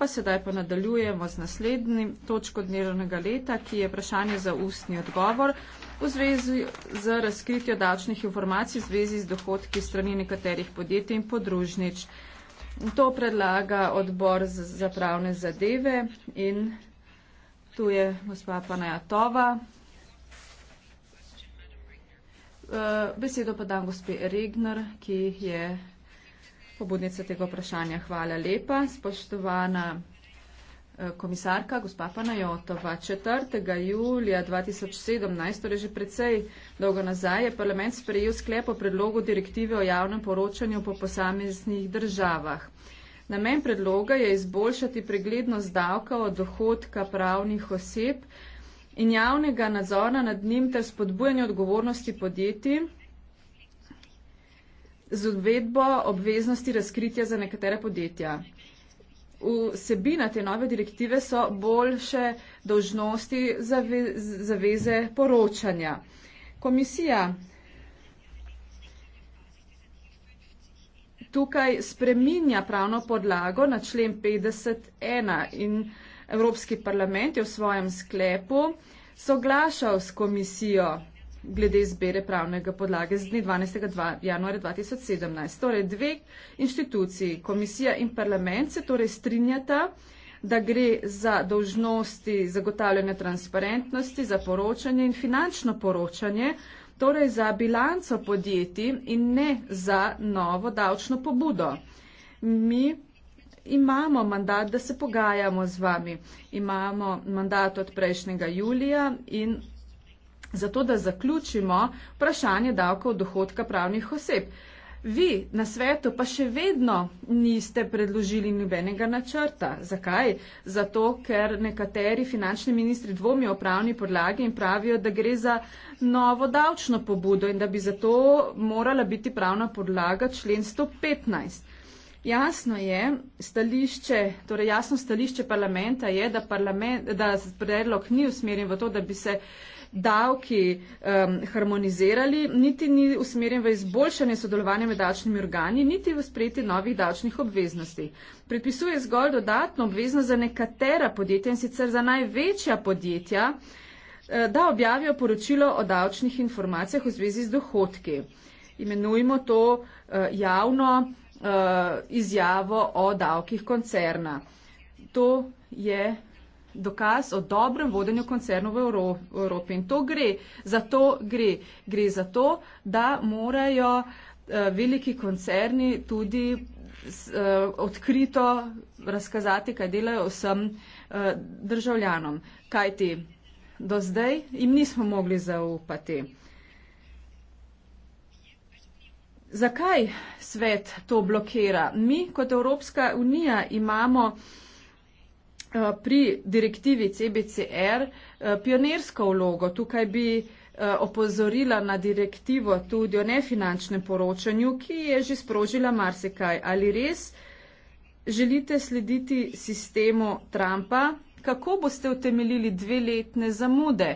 lepa, sedaj pa nadaljujemo z naslednjim točko dnevnega leta, ki je vprašanje za ustni odgovor v zvezi z razkritjo davčnih informacij v zvezi z dohodki strani nekaterih podjetij in podružnič. To predlaga odbor za pravne zadeve in tu je gospa Panajatova. Eh, besedo pa dam gospe Regner, ki je pobudnica tega vprašanja. Hvala lepa. Spoštovana eh, komisarka, gospa Panajotova, 4. julija 2017, torej že precej dolgo nazaj, je parlament sprejel sklep o predlogu direktive o javnem poročanju po posameznih državah. Namen predloga je izboljšati preglednost davka od dohodka pravnih oseb in javnega nadzora nad njim ter spodbujanje odgovornosti podjetij z uvedbo obveznosti razkritja za nekatere podjetja. Vsebina te nove direktive so boljše dožnosti zave, zaveze poročanja. Komisija tukaj spreminja pravno podlago na člen 51 in Evropski parlament je v svojem sklepu soglašal s komisijo glede izbere pravnega podlage z dne 12. 2, januarja 2017. Torej, dve inštituciji, komisija in parlament, se torej strinjata, da gre za dožnosti zagotavljanja transparentnosti, za poročanje in finančno poročanje, torej za bilanco podjetij in ne za novo davčno pobudo. Mi imamo mandat, da se pogajamo z vami. Imamo mandat od prejšnjega julija in Zato, da zaključimo vprašanje davkov dohodka pravnih oseb. Vi na svetu pa še vedno niste predložili nobenega načrta. Zakaj? Zato, ker nekateri finančni ministri dvomijo o pravni podlagi in pravijo, da gre za novo davčno pobudo in da bi zato morala biti pravna podlaga člen 115. Jasno je, stališče, torej jasno stališče parlamenta je, da, parlament, da predlog ni usmerjen v to, da bi se davki um, harmonizirali, niti ni usmerjen v izboljšanje sodelovanja med davčnimi organi, niti v sprejeti novih davčnih obveznosti. Predpisuje zgolj dodatno obveznost za nekatera podjetja in sicer za največja podjetja, eh, da objavijo poročilo o davčnih informacijah v zvezi z dohodki. Imenujemo to eh, javno eh, izjavo o davkih koncerna. To je dokaz o dobrem vodenju koncernov v Evropi. In to gre. Za to gre. Gre za to, da morajo eh, veliki koncerni tudi eh, odkrito razkazati, kaj delajo vsem eh, državljanom. Kaj ti do zdaj jim nismo mogli zaupati. Zakaj svet to blokira? Mi kot Evropska unija imamo Eh, pri direktivi CBCR eh, pionersko vlogo. Tukaj bi eh, opozorila na direktivo tudi o nefinančnem poročanju, ki je že sprožila marsikaj. Ali res želite slediti sistemu Trumpa? Kako boste utemeljili dve letne zamude?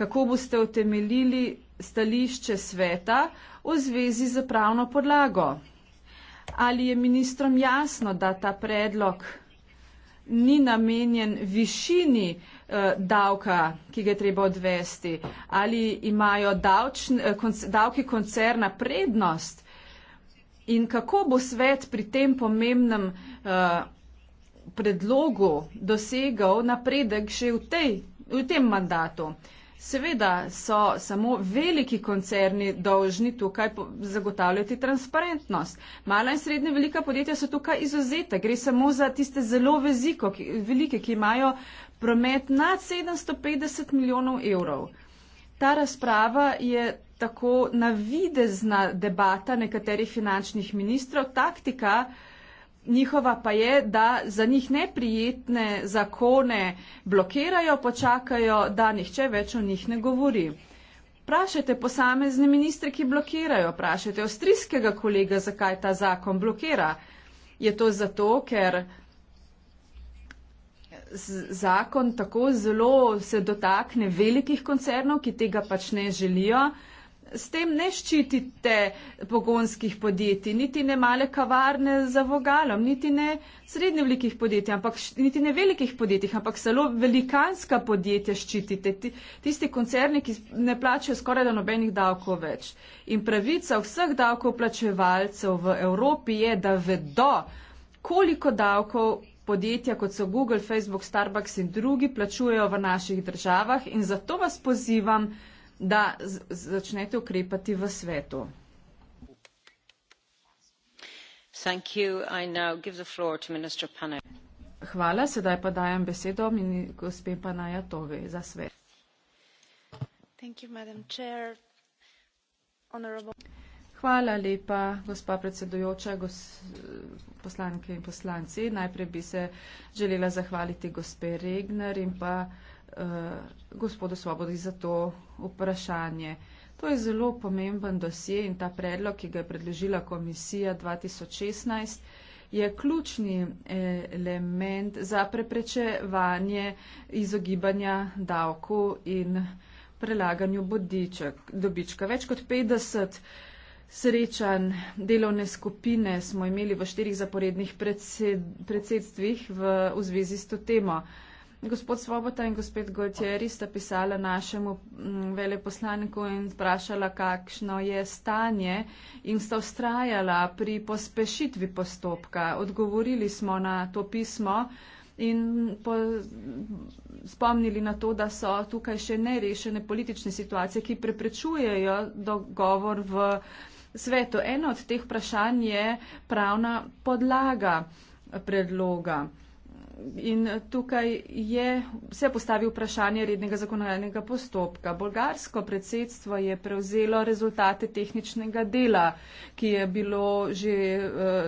Kako boste utemeljili stališče sveta v zvezi z pravno podlago? Ali je ministrom jasno, da ta predlog ni namenjen višini eh, davka, ki ga je treba odvesti, ali imajo davčn, eh, konc, davki koncerna prednost in kako bo svet pri tem pomembnem eh, predlogu dosegal napredek še v, tej, v tem mandatu. Eh, Seveda so samo veliki koncerni dolžni tukaj zagotavljati transparentnost. Mala in srednje velika podjetja so tukaj izuzete. Gre samo za tiste zelo veziko, ki, velike, ki imajo promet nad 750 milijonov evrov. Ta razprava je tako navidezna debata nekaterih finančnih ministrov. Taktika njihova pa je, da za njih neprijetne zakone blokirajo, počakajo, da nihče več o njih ne govori. Vprašajte posamezne ministre, ki blokirajo, vprašajte avstrijskega kolega, zakaj ta zakon blokira. Je to zato, ker zakon tako zelo se dotakne velikih koncernov, ki tega pač ne želijo s tem ne ščitite pogonskih podjetij, niti ne male kavarne za vogalom, niti ne srednje velikih podjetij, ampak, niti ne velikih podjetij, ampak zelo velikanska podjetja ščitite. Tisti koncerni, ki ne plačajo skoraj da nobenih davkov več. In pravica vseh davkov plačevalcev v Evropi je, da vedo, koliko davkov podjetja, kot so Google, Facebook, Starbucks in drugi, plačujejo v naših državah. In zato vas pozivam, da začnete ukrepati v svetu. Hvala, sedaj pa dajem besedo gospe Panajatovi za svet. Hvala lepa, gospa predsedujoča, poslanke in poslanci. Najprej bi se želela zahvaliti gospe Regner in pa Eh, gospodu Svobodi za to vprašanje. To je zelo pomemben dosje in ta predlog, ki ga je predložila komisija 2016, je ključni element za preprečevanje izogibanja davku in prelaganju bodiček, dobička. Več kot 50 srečanj delovne skupine smo imeli v štirih zaporednih predsedstvih v, v zvezi s to temo. Gospod Svoboda in gospod Gojtjeri sta pisala našemu mm, veleposlaniku in vprašala, kakšno je stanje in sta ustrajala pri pospešitvi postopka. Odgovorili smo na to pismo in po, spomnili na to, da so tukaj še nerešene politične situacije, ki preprečujejo dogovor v svetu. Eno od teh vprašanj je pravna podlaga predloga in tukaj je se postavil vprašanje rednega zakonodajnega postopka. Bolgarsko predsedstvo je prevzelo rezultate tehničnega dela, ki je, že,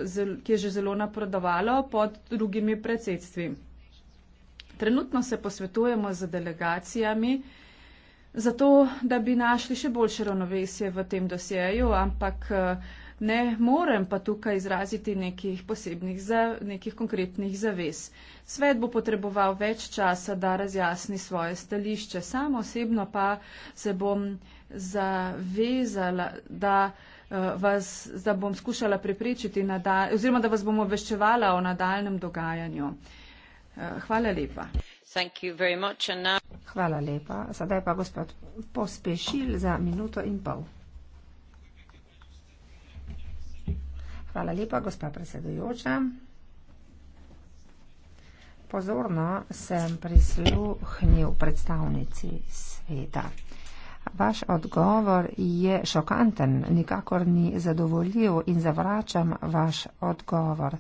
eh, ki je že zelo napredovalo pod drugimi predsedstvi. Trenutno se posvetujemo z delegacijami, zato da bi našli še boljše ravnovesje v tem dosjeju, ampak eh, ne morem pa tukaj izraziti nekih posebnih, za, nekih konkretnih zavez. Svet bo potreboval več časa, da razjasni svoje stališče. Samo osebno pa se bom zavezala, da. Eh, vas, da bom skušala prepričati, nadal, oziroma da vas bom obveščevala o nadaljem dogajanju. Eh, hvala lepa. Hvala lepa. Sedaj pa gospod pospešil za minuto in pol. Hvala lepa, gospa predsedujoča. Pozorno sem prisluhnil predstavnici sveta. Vaš odgovor je šokanten, nikakor ni zadovoljiv in zavračam vaš odgovor.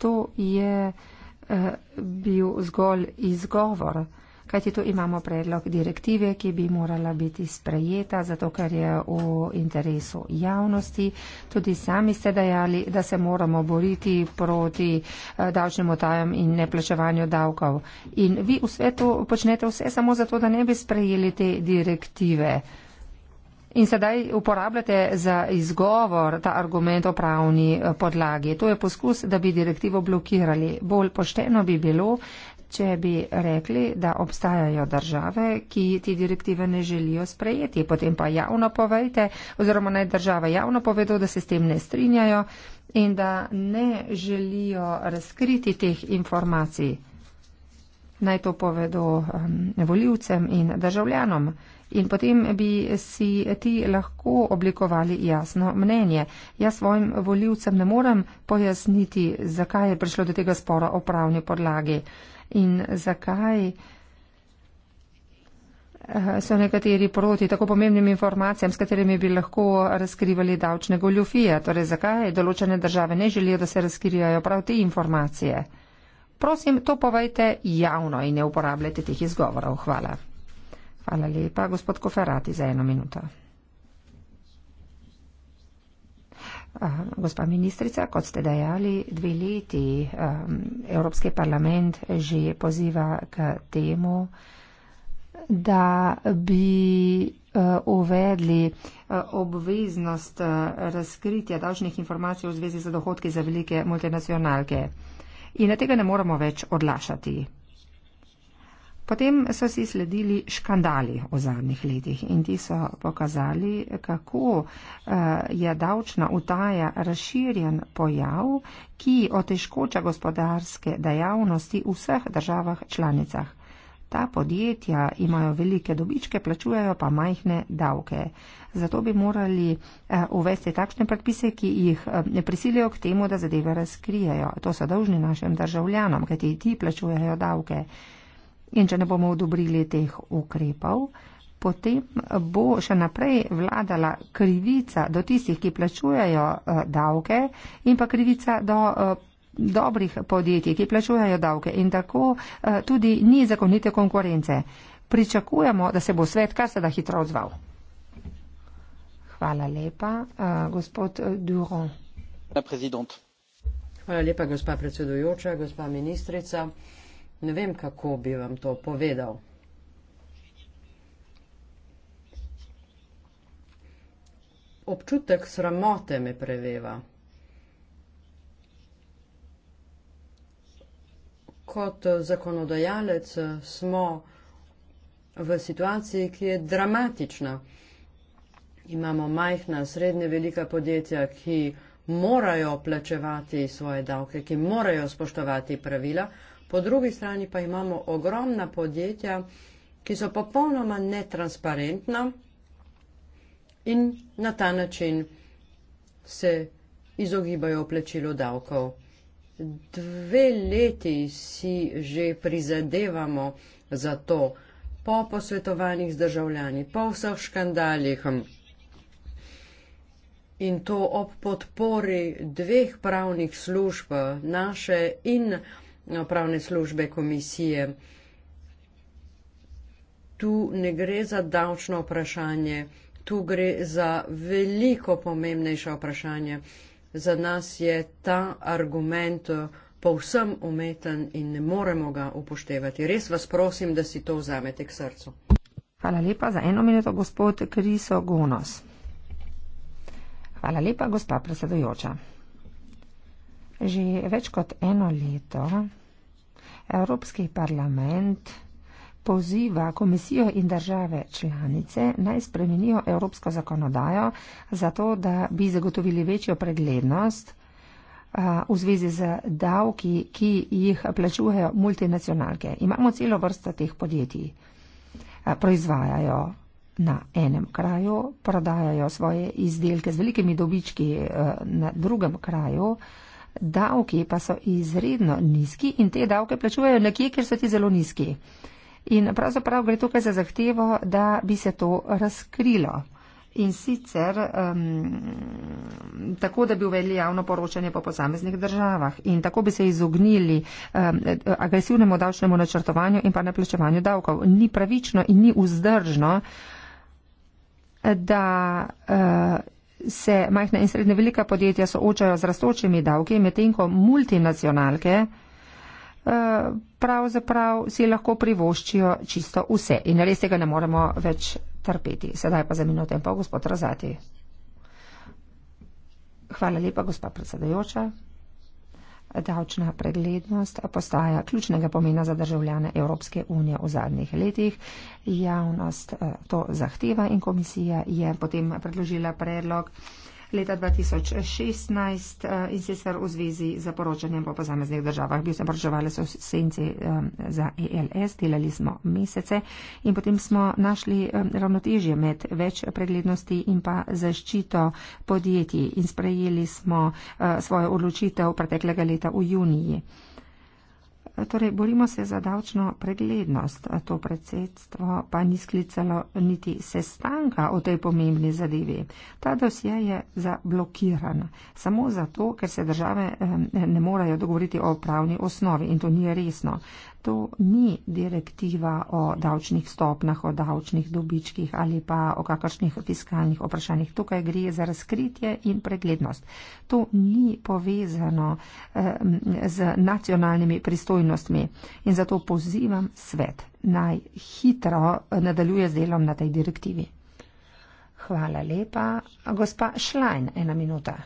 To je eh, bil zgolj izgovor. Eh, kajti tu imamo predlog direktive, ki bi morala biti sprejeta, zato ker je v interesu javnosti. Tudi sami ste dejali, da se moramo boriti proti eh, davčnim otajam in neplačevanju davkov. In vi v svetu počnete vse samo zato, da ne bi sprejeli te direktive. In sedaj uporabljate za izgovor ta argument o pravni eh, podlagi. To je poskus, da bi direktivo blokirali. Bolj pošteno bi bilo, če bi rekli, da obstajajo države, ki ti direktive ne želijo sprejeti, potem pa javno povejte, oziroma naj države javno povedo, da se s tem ne strinjajo in da ne želijo razkriti teh informacij. Naj to povedo um, voljivcem in državljanom in potem bi si ti lahko oblikovali jasno mnenje. Jaz svojim voljivcem ne morem pojasniti, zakaj je prišlo do tega spora o pravni podlagi in zakaj eh, so nekateri proti tako pomembnim informacijam, s katerimi bi lahko razkrivali davčne goljufije. Torej, zakaj določene države ne želijo, da se razkrijajo prav te informacije? Prosim, to povejte javno in ne uporabljajte teh izgovorov. Hvala. Hvala lepa, gospod Koferati, za eno minuto. Gospa ministrica, kot ste dejali, dve leti Evropski parlament že poziva k temu, da bi e, uvedli e, obveznost e, razkritja davčnih informacij v zvezi z dohodki za velike multinacionalke. In na tega ne moremo več odlašati. Potem so si sledili škandali v zadnjih letih in ti so pokazali, kako eh, je davčna utaja razširjen pojav, ki otežkoča gospodarske dejavnosti v vseh državah članicah. Ta podjetja imajo velike dobičke, plačujejo pa majhne davke. Zato bi morali eh, uvesti takšne predpise, ki jih ne eh, prisilijo k temu, da zadeve razkrijejo. To so dolžni našim državljanom, kajti ti plačujejo davke. In če ne bomo odobrili teh ukrepov, potem bo še naprej vladala krivica do tistih, ki plačujejo eh, davke in pa krivica do eh, dobrih podjetij, ki plačujejo davke in tako eh, tudi ni zakonite konkurence. Pričakujemo, da se bo svet kar se da hitro odzval. Hvala lepa, gospod Duron. Hvala lepa, gospa predsedujoča, gospa ministrica. Ne vem, kako bi vam to povedal. Občutek sramote me preveva. Kot zakonodajalec smo v situaciji, ki je dramatična. Imamo majhna, srednje velika podjetja, ki morajo plačevati svoje davke, ki morajo spoštovati pravila, po drugi strani pa imamo ogromna podjetja, ki so popolnoma netransparentna in na ta način se izogibajo plačilu davkov. Dve leti si že prizadevamo za to, po posvetovanjih z državljani, po vseh škandalih in to ob podpori dveh pravnih služb, naše in državljani, pravne službe komisije. Tu ne gre za davčno vprašanje, tu gre za veliko pomembnejše vprašanje. Za nas je ta argument povsem umeten in ne moremo ga upoštevati. Res vas prosim, da si to vzamete k srcu. Hvala lepa za eno minuto, gospod Kriso Gonos. Hvala lepa, gospa predsedujoča. Že več kot eno leto Evropski parlament poziva komisijo in države članice naj spremenijo evropsko zakonodajo zato, da bi zagotovili večjo preglednost v zvezi z davki, ki jih plačujejo multinacionalke. Imamo celo vrsto teh podjetij. Proizvajajo na enem kraju, prodajajo svoje izdelke z velikimi dobički na drugem kraju davki pa so izredno nizki in te davke plačujejo nekje, kjer so ti zelo nizki. In pravzaprav gre tukaj za zahtevo, da bi se to razkrilo. In sicer um, tako, da bi uvedli javno poročanje po posameznih državah in tako bi se izognili um, agresivnemu davčnemu načrtovanju in pa neplačevanju davkov. Ni pravično in ni vzdržno, da. Uh, se majhna in srednje velika podjetja soočajo z rastočimi davki, medtem ko multinacionalke eh, pravzaprav si lahko privoščijo čisto vse. In res tega ne moremo več trpeti. Sedaj pa za minuto in pol, gospod Razati. Hvala lepa, gospod predsedajoča davčna preglednost postaja ključnega pomena za državljane Evropske unije v zadnjih letih. Javnost eh, to zahteva in komisija je potem predložila predlog leta 2016 eh, in sicer v zvezi z poročanjem po posameznih državah. Bil sem poročevalec v senci eh, za ELS, delali smo mesece in potem smo našli eh, ravnotežje med več preglednosti in pa zaščito podjetij in sprejeli smo svojo odločitev preteklega leta v juniju. Torej, borimo se za davčno preglednost. To predsedstvo pa ni sklicalo niti sestanka o tej pomembni zadevi. Ta dosje je zablokiran. Samo zato, ker se države eh, ne morejo dogovoriti o pravni osnovi in to ni resno. To ni direktiva o davčnih stopnah, o davčnih dobičkih ali pa o kakršnih fiskalnih vprašanjih. Tukaj gre za razkritje in preglednost. To ni povezano eh, z nacionalnimi pristojnostmi aktivnostmi. In zato pozivam svet naj hitro eh, nadaljuje z delom na tej direktivi. Hvala lepa. Gospa Šlajn, ena minuta.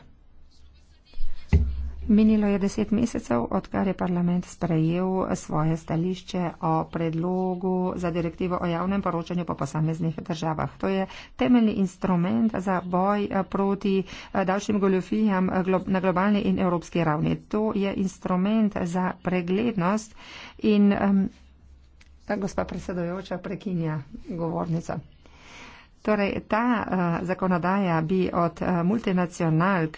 Minilo je deset mesecev, odkar je parlament sprejel svoje stališče o predlogu za direktivo o javnem poročanju po posameznih državah. To je temeljni instrument za boj eh, proti eh, davčnim goljofijam eh, na globalni in evropski ravni. To je instrument za preglednost in um, ta gospa predsedojoča prekinja govornica. Torej, ta uh, zakonodaja bi od uh, multinacionalk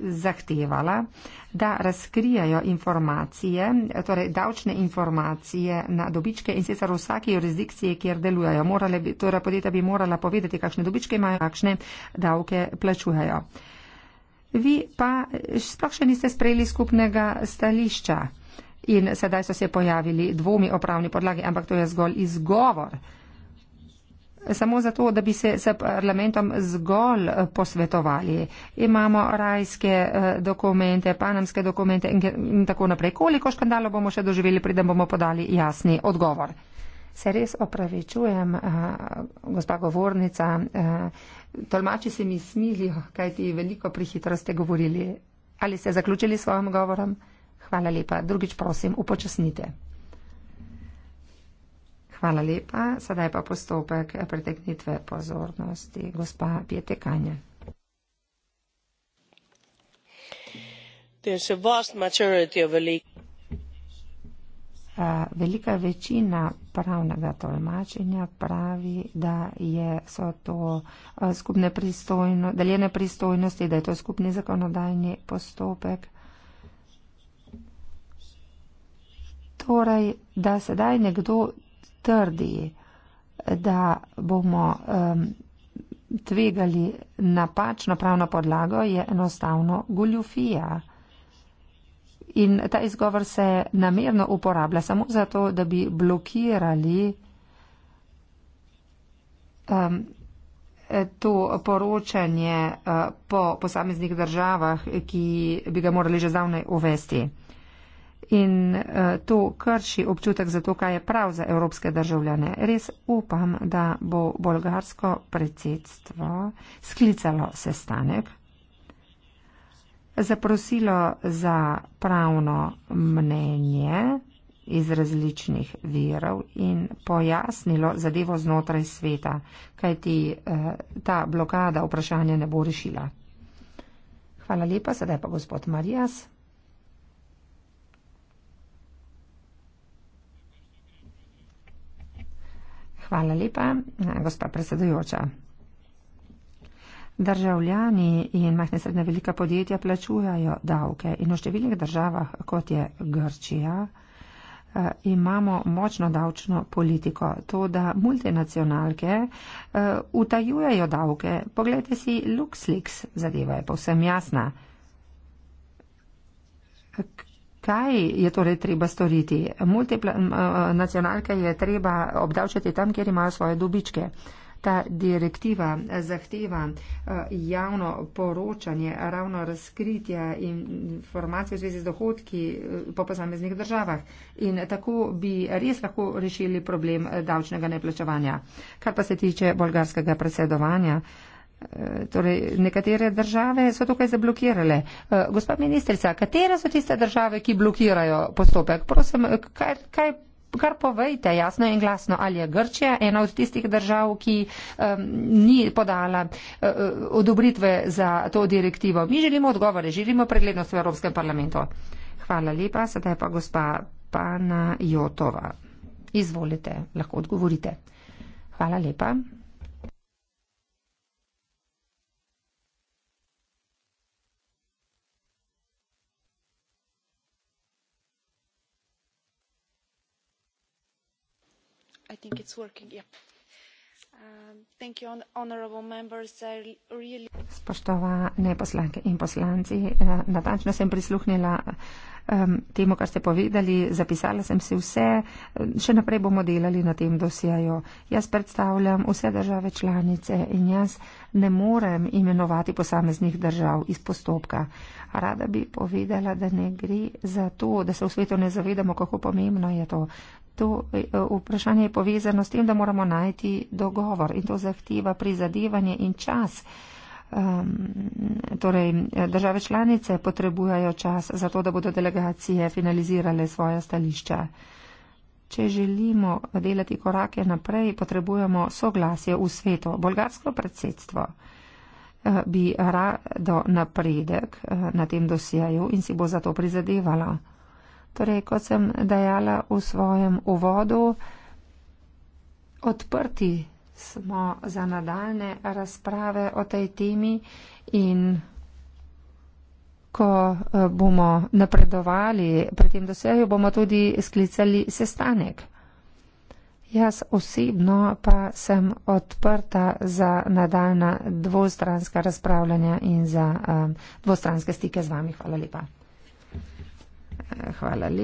zahtevala, da razkrijajo informacije, torej davčne informacije na dobičke in sicer v vsaki jurisdikciji, kjer delujejo. Morale, torej podjetja bi morala povedati, kakšne dobičke imajo, kakšne davke plačujejo. Vi pa sploh še niste sprejeli skupnega stališča in sedaj so se pojavili dvomi o pravni podlagi, ampak to je zgolj izgovor samo zato, da bi se s parlamentom zgolj posvetovali. Imamo rajske eh, dokumente, panamske dokumente in tako naprej. Koliko škandalov bomo še doživeli, preden bomo podali jasni odgovor? Se res opravičujem, eh, gospa govornica, eh, tolmači se mi smilijo, kaj ti veliko prihitro ste govorili. Ali ste zaključili s svojim govorom? Hvala lepa. Drugič prosim, upočasnite. Hvala lepa. Sedaj pa postopek preteknitve pozornosti. Gospa Pjete Kanje. Velika večina pravnega tolmačenja pravi, da je, so to skupne pristojno, deljene pristojnosti, da je to skupni zakonodajni postopek. Torej, da sedaj nekdo trdi, da bomo um, tvegali napačno pravno podlago, je enostavno goljufija. In ta izgovor se namerno uporablja samo zato, da bi blokirali um, to poročanje uh, po posameznih državah, ki bi ga morali že zdavne uvesti in eh, to krši občutek za to, kaj je prav za evropske državljane. Res upam, da bo bolgarsko predsedstvo sklicalo sestanek, zaprosilo za pravno mnenje iz različnih virov in pojasnilo zadevo znotraj sveta, kaj ti eh, ta blokada vprašanja ne bo rešila. Hvala lepa, sedaj pa gospod Marijas. Hvala lepa, gospa predsedujoča. Državljani in majhne srednje velika podjetja plačujajo davke in v številnih državah, kot je Grčija, eh, imamo močno davčno politiko. To, da multinacionalke eh, utajujejo davke, pogledajte si LuxLeaks, zadeva je povsem jasna. Kaj je torej treba storiti? Multinacionalke je treba obdavčati tam, kjer imajo svoje dobičke. Ta direktiva zahteva eh, javno poročanje, ravno razkritje informacij v zvezi z dohodki eh, po posameznih državah. In tako bi res lahko rešili problem eh, davčnega neplačevanja. Kar pa se tiče bolgarskega predsedovanja, Eh, torej, nekatere države so tukaj zablokirale. Eh, gospa ministrica, katere so tiste države, ki blokirajo postopek? Prosim, eh, kaj, kaj, kar povejte jasno in glasno, ali je Grčija ena od tistih držav, ki um, ni podala uh, odobritve za to direktivo. Mi želimo odgovore, želimo preglednost v Evropskem parlamentu. Hvala lepa, sedaj pa gospa Pana Jotova. Izvolite, lahko odgovorite. Hvala lepa. think it's working yep. Um, thank you, honorable members. I really... Spoštovane poslanke in poslanci, eh, natančno sem prisluhnila um, temu, kar ste povedali, zapisala sem se vse, še naprej bomo delali na tem dosijaju. Jaz predstavljam vse države članice in jaz ne morem imenovati posameznih držav iz postopka. Rada bi povedala, da ne gre za to, da se v svetu ne zavedamo, kako pomembno je to. To e, e, vprašanje je povezano s tem, da moramo najti dogovor in to zahteva prizadevanje in čas. Um, torej, države članice potrebujajo čas za to, da bodo delegacije finalizirale svoja stališča. Če želimo delati korake naprej, potrebujemo soglasje v svetu. Bolgarsko predsedstvo eh, bi rado napredek eh, na tem dosjeju in si bo za to prizadevala. Torej, kot sem dejala v svojem uvodu, odprti smo za nadaljne razprave o tej temi in ko eh, bomo napredovali pri tem dosegu, bomo tudi sklicali sestanek. Jaz osebno pa sem odprta za nadaljna dvostranska razpravljanja in za eh, dvostranske stike z vami. Hvala lepa. Eh, hvala lepa.